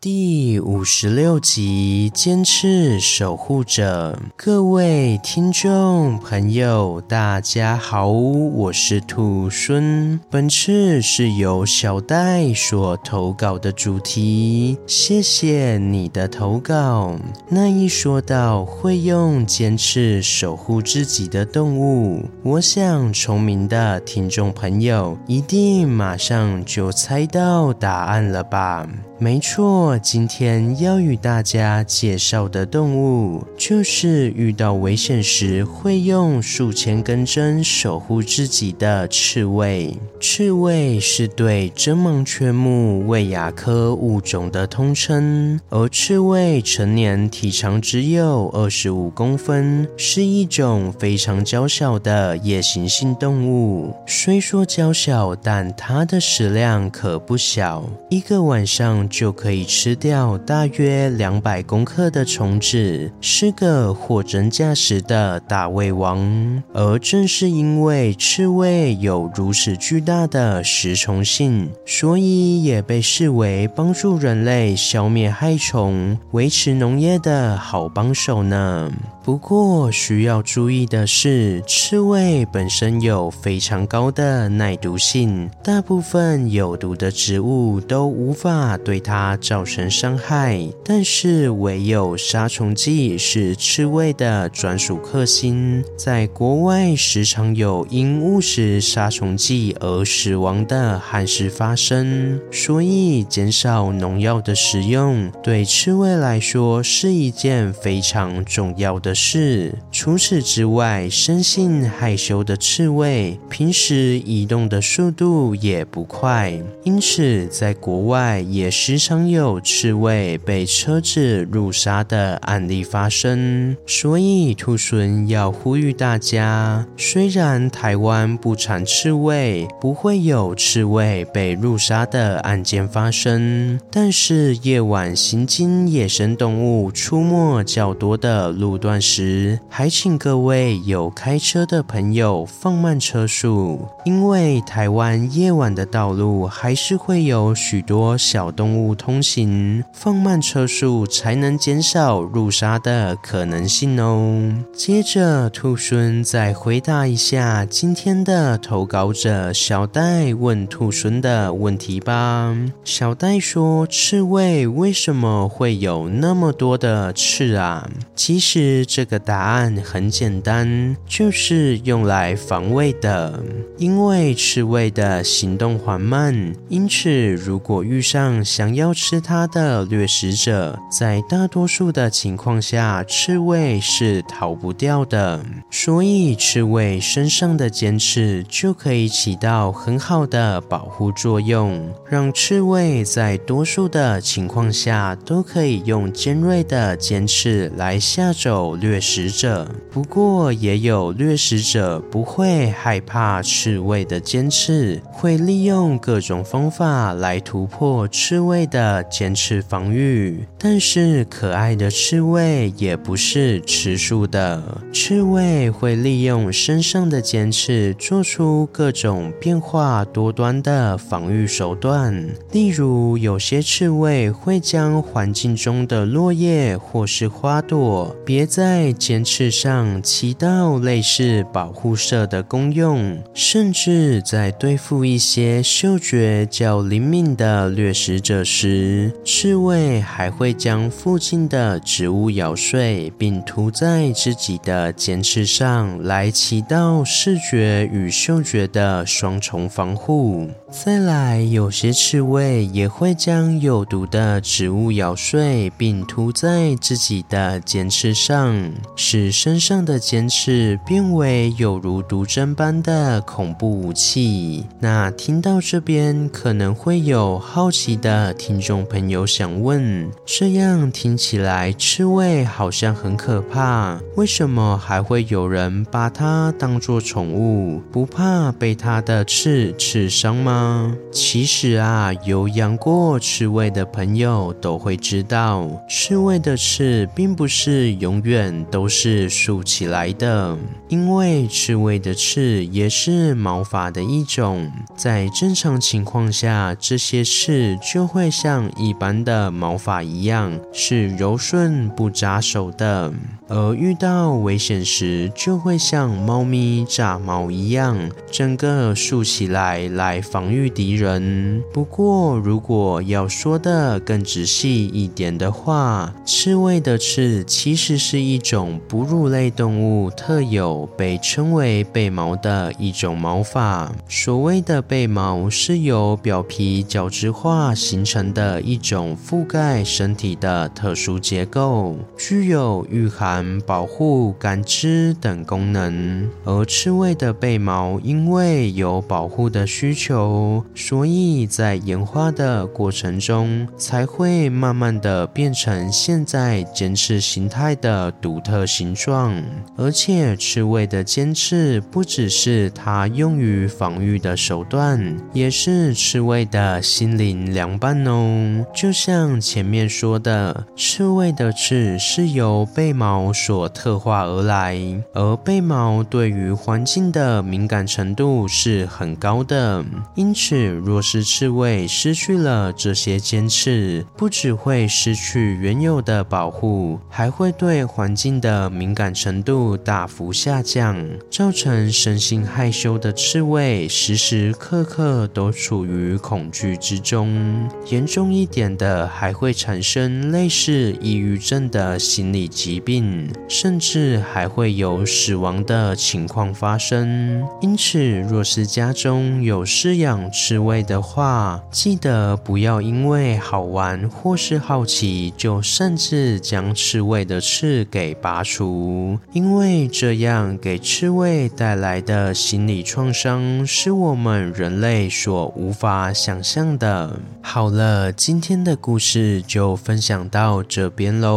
第五十六集，尖刺守護者。各位聽眾朋友，大家好，我是兔猻。本次是由小戴所投稿的主題，謝謝你的投稿。那一說到會用尖刺守護自己的動物，我想聰明的聽眾朋友一定馬上就猜到答案了吧？沒錯。我今天要與大家介紹的動物，就是遇到危險時會用數千根針守護自己的刺蝟。刺蝟是對真盲缺目蝟亞科物種的通稱，而刺蝟成年體長只有二十五公分，是一種非常嬌小的夜行性動物。雖說嬌小，但它的食量可不小，一個晚上就可以吃。吃掉大約兩百公克的蟲子，是個貨真價實的大胃王。而正是因為刺蝟有如此巨大的食蟲性，所以也被視為幫助人類消滅害蟲、維持農業的好幫手呢。不過需要注意的是，刺蝟本身有非常高的耐毒性，大部分有毒的植物都無法對它造成傷害。但是，唯有殺蟲劑是刺蝟的專屬剋星，在國外時常有因誤食殺蟲劑而死亡的憾事發生。所以，減少農藥的使用對刺蝟來說是一件非常重要的事。是，除此之外，生性害羞的刺蝟平時移動的速度也不快，因此在國外也時常有刺蝟被車子入殺的案例發生。所以，兔猻要呼籲大家：雖然台灣不產刺蝟，不會有刺蝟被入殺的案件發生，但是夜晚行經野生動物出沒較多的路段時。時，還請各位有開車的朋友放慢車速，因為台灣夜晚的道路還是會有許多小動物通行，放慢車速才能減少路殺的可能性哦。接着，兔猻再回答一下今天的投稿者小戴問兔猻的問題吧。小戴說：“刺蝟為什麼會有那麼多的刺啊？”其實這。這個答案很簡單，就是用來防衛的。因為刺蝟的行動緩慢，因此如果遇上想要吃它的掠食者，在大多數的情況下，刺蝟是逃不掉的。所以，刺蝟身上的尖刺就可以起到很好的保護作用，讓刺蝟在多數的情況下都可以用尖銳的尖刺來嚇走掠食者，不過也有掠食者不會害怕刺蝟的尖刺，會利用各種方法來突破刺蝟的尖刺防禦。但是可愛的刺蝟也不是吃素的，刺蝟會利用身上的尖刺做出各種變化多端的防禦手段。例如，有些刺蝟會將環境中的落葉或是花朵別在在尖刺上起到類似保護色的功用，甚至在對付一些嗅覺較靈敏的掠食者時，刺蝟還會將附近的植物咬碎，並塗在自己的尖刺上來起到視覺與嗅覺的雙重防護。再來，有些刺蝟也會將有毒的植物咬碎，並塗在自己的尖刺上，使身上的尖刺變為有如毒針般的恐怖武器。那聽到這邊，可能會有好奇的聽眾朋友想問：這樣聽起來，刺蝟好像很可怕，為什麼還會有人把它當作寵物？不怕被它的刺刺傷嗎？嗯，其實啊，有養過刺蝟的朋友都會知道，刺蝟的刺並不是永遠都是豎起來的，因為刺蝟的刺也是毛髮的一種，在正常情況下，這些刺就會像一般的毛髮一樣，是柔順不扎手的，而遇到危險時，就會像貓咪炸毛一樣，整個豎起來來防防禦敵人。不過，如果要說的更仔細一點的話，刺蝟的刺其實是一種哺乳類動物特有，被稱為被毛的一種毛髮。所謂的被毛是由表皮角質化形成的一種覆蓋身體的特殊結構，具有禦寒、保護、感知等功能。而刺蝟的被毛因為有保護的需求。所以，在演化的過程中，才會慢慢的變成現在尖刺形態的獨特形狀。而且，刺蝟的尖刺不只是它用於防禦的手段，也是刺蝟的心靈良伴哦。就像前面說的，刺蝟的刺是由背毛所特化而來，而背毛對於環境的敏感程度是很高的。因因此，若是刺蝟失去了這些尖刺，不只會失去原有的保護，還會對環境的敏感程度大幅下降，造成身心害羞的刺蝟時時刻刻都處於恐懼之中。嚴重一點的，還會產生類似抑鬱症的心理疾病，甚至還會有死亡的情況發生。因此，若是家中有飼養，刺蝟的話，記得不要因為好玩或是好奇，就擅自將刺蝟的刺給拔除，因為這樣給刺蝟帶來的心理創傷是我們人類所無法想象的。好了，今天的故事就分享到這邊嘍。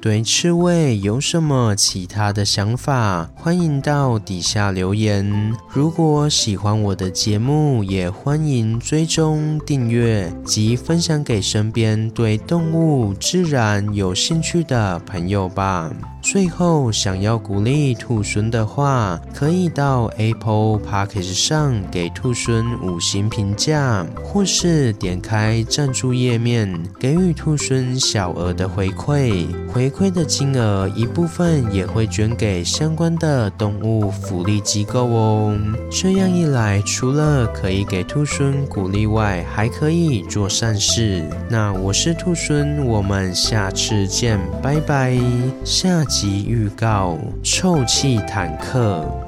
對刺蝟有什麼其他的想法，歡迎到底下留言。如果喜歡我的節目，也歡迎追蹤、訂閱及分享給身邊對動物、自然有興趣的朋友吧。最後，想要鼓勵兔猻的話，可以到 Apple Podcast 上給兔猻五星評價，或是點開贊助頁面，給予兔猻小額的回饋。回饋的金額一部分也會捐給相關的動物福利機構哦。這樣一來，除了可以給兔猻鼓勵外，還可以做善事。那我是兔猻，我們下次見，拜拜。下集預告：臭氣坦克。